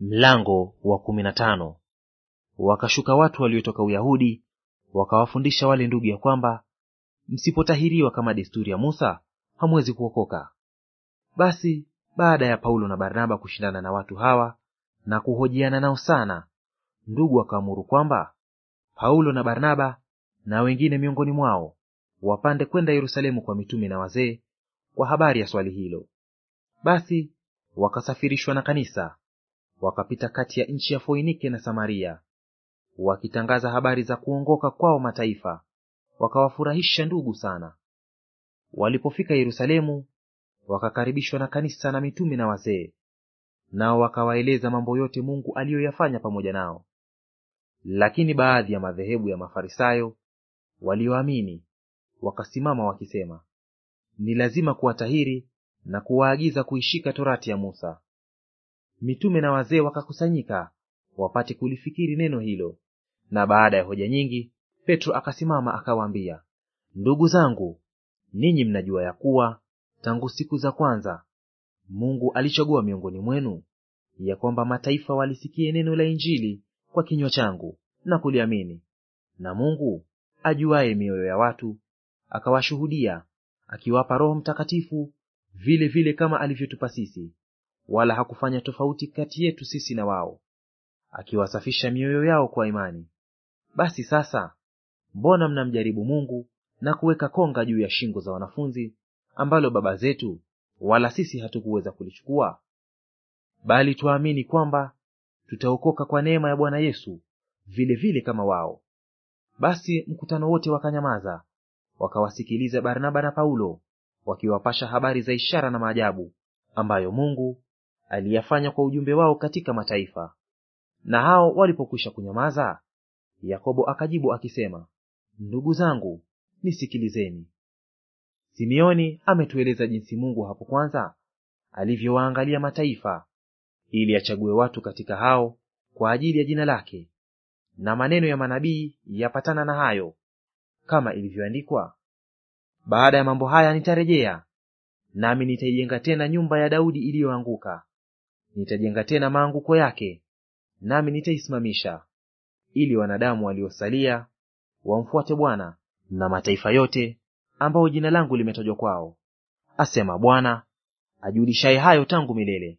Mlango wa kumi na tano. Wakashuka watu waliotoka Uyahudi wakawafundisha wale ndugu ya kwamba msipotahiriwa kama desturi ya Musa hamwezi kuokoka. Basi baada ya Paulo na Barnaba kushindana na watu hawa na kuhojiana nao sana, ndugu wakaamuru kwamba Paulo na Barnaba na wengine miongoni mwao wapande kwenda Yerusalemu kwa mitume na wazee kwa habari ya swali hilo. Basi wakasafirishwa na kanisa wakapita kati ya nchi ya Foinike na Samaria, wakitangaza habari za kuongoka kwao mataifa, wakawafurahisha ndugu sana. Walipofika Yerusalemu, wakakaribishwa na kanisa na mitume na wazee, nao wakawaeleza mambo yote Mungu aliyoyafanya pamoja nao. Lakini baadhi ya madhehebu ya Mafarisayo walioamini wakasimama wakisema, ni lazima kuwatahiri na kuwaagiza kuishika torati ya Musa mitume na wazee wakakusanyika wapate kulifikiri neno hilo. Na baada ya hoja nyingi, Petro akasimama akawaambia, ndugu zangu, ninyi mnajua ya kuwa tangu siku za kwanza Mungu alichagua miongoni mwenu ya kwamba mataifa walisikie neno la Injili kwa kinywa changu na kuliamini. Na Mungu ajuaye mioyo ya watu akawashuhudia, akiwapa Roho Mtakatifu vile vile kama alivyotupa sisi wala hakufanya tofauti kati yetu sisi na wao, akiwasafisha mioyo yao kwa imani. Basi sasa, mbona mnamjaribu Mungu na kuweka konga juu ya shingo za wanafunzi, ambalo baba zetu wala sisi hatukuweza kulichukua? Bali twaamini kwamba tutaokoka kwa neema ya Bwana Yesu vilevile vile kama wao. Basi mkutano wote wakanyamaza, wakawasikiliza Barnaba na Paulo wakiwapasha habari za ishara na maajabu ambayo Mungu aliyafanya kwa ujumbe wao katika mataifa. Na hao walipokwisha kunyamaza, Yakobo akajibu akisema, ndugu zangu, nisikilizeni. Simeoni ametueleza jinsi Mungu hapo kwanza alivyowaangalia mataifa ili achague watu katika hao kwa ajili ya jina lake, na maneno ya manabii yapatana na hayo, kama ilivyoandikwa, baada ya mambo haya nitarejea, nami nitaijenga tena nyumba ya Daudi iliyoanguka, nitajenga tena maanguko yake, nami nitaisimamisha, ili wanadamu waliosalia wamfuate Bwana na mataifa yote ambao jina langu limetajwa kwao, asema Bwana ajulishaye hayo tangu milele.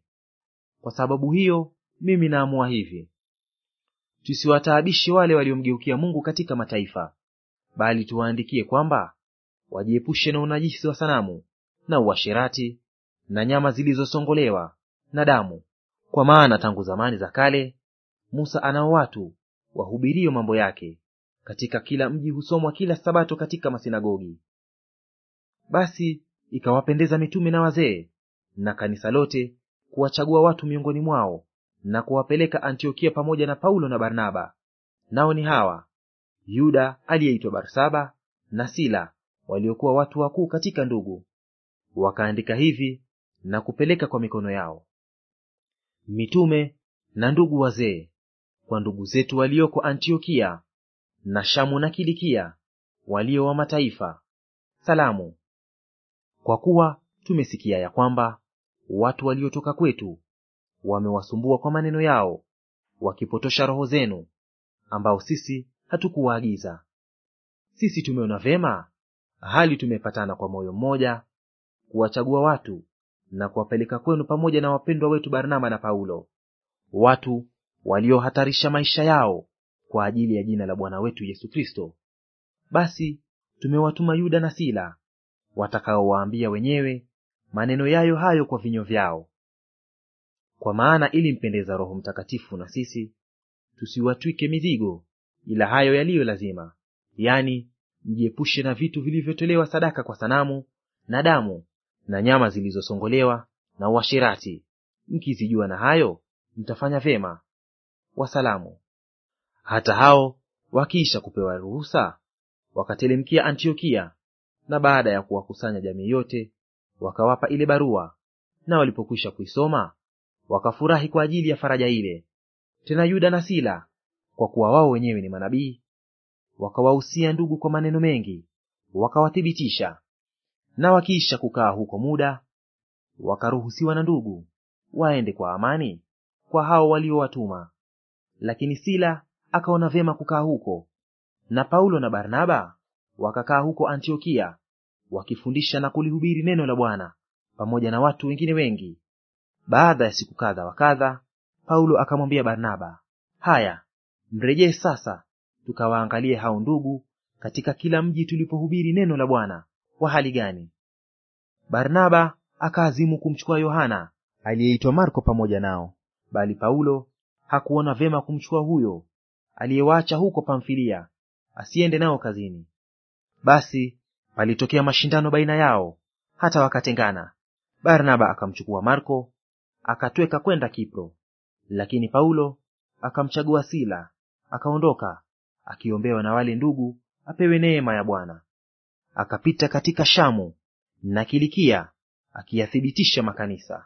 Kwa sababu hiyo mimi naamua hivi, tusiwataabishi wale waliomgeukia Mungu katika mataifa, bali tuwaandikie kwamba wajiepushe na unajisi wa sanamu na uasherati na nyama zilizosongolewa na damu, kwa maana tangu zamani za kale Musa anao watu wahubirio mambo yake; katika kila mji husomwa kila Sabato katika masinagogi. Basi ikawapendeza mitume na wazee na kanisa lote kuwachagua watu miongoni mwao na kuwapeleka Antiokia pamoja na Paulo na Barnaba. Nao ni hawa: Yuda aliyeitwa Barsaba na Sila, waliokuwa watu wakuu katika ndugu. Wakaandika hivi na kupeleka kwa mikono yao mitume na ndugu wazee, kwa ndugu zetu walioko Antiokia na Shamu na Kilikia, walio wa mataifa, salamu. Kwa kuwa tumesikia ya kwamba watu waliotoka kwetu wamewasumbua kwa maneno yao, wakipotosha roho zenu, ambao sisi hatukuwaagiza. Sisi tumeona vyema, hali tumepatana kwa moyo mmoja, kuwachagua watu na kuwapeleka kwenu pamoja na wapendwa wetu Barnaba na Paulo, watu waliohatarisha maisha yao kwa ajili ya jina la Bwana wetu Yesu Kristo. Basi tumewatuma Yuda na Sila, watakaowaambia wenyewe maneno yayo hayo kwa vinywa vyao. Kwa maana mpendeza Roho Mtakatifu na sisi tusiwatwike mizigo, ila hayo yaliyo lazima, yani mjiepushe na vitu vilivyotolewa sadaka kwa sanamu na damu na nyama zilizosongolewa na uasherati; mkizijua na hayo mtafanya vyema. Wasalamu. Hata hao wakiisha kupewa ruhusa, wakatelemkia Antiokia, na baada ya kuwakusanya jamii yote, wakawapa ile barua, na walipokwisha kuisoma wakafurahi kwa ajili ya faraja ile. Tena Yuda na Sila, kwa kuwa wao wenyewe ni manabii, wakawahusia ndugu kwa maneno mengi, wakawathibitisha na wakiisha kukaa huko muda, wakaruhusiwa na ndugu waende kwa amani kwa hao waliowatuma. Lakini Sila akaona vyema kukaa huko, na Paulo na Barnaba wakakaa huko Antiokia, wakifundisha na kulihubiri neno la Bwana pamoja na watu wengine wengi. Baada ya siku kadha wa kadha, Paulo akamwambia Barnaba, haya, mrejee sasa tukawaangalie hao ndugu katika kila mji tulipohubiri neno la Bwana kwa hali gani. Barnaba akaazimu kumchukua Yohana aliyeitwa Marko pamoja nao, bali Paulo hakuona vyema kumchukua huyo aliyewaacha huko Pamfilia, asiende nao kazini. Basi palitokea mashindano baina yao, hata wakatengana. Barnaba akamchukua Marko akatweka kwenda Kipro, lakini Paulo akamchagua Sila akaondoka, akiombewa na wale ndugu apewe neema ya Bwana akapita katika Shamu na Kilikia akiyathibitisha makanisa.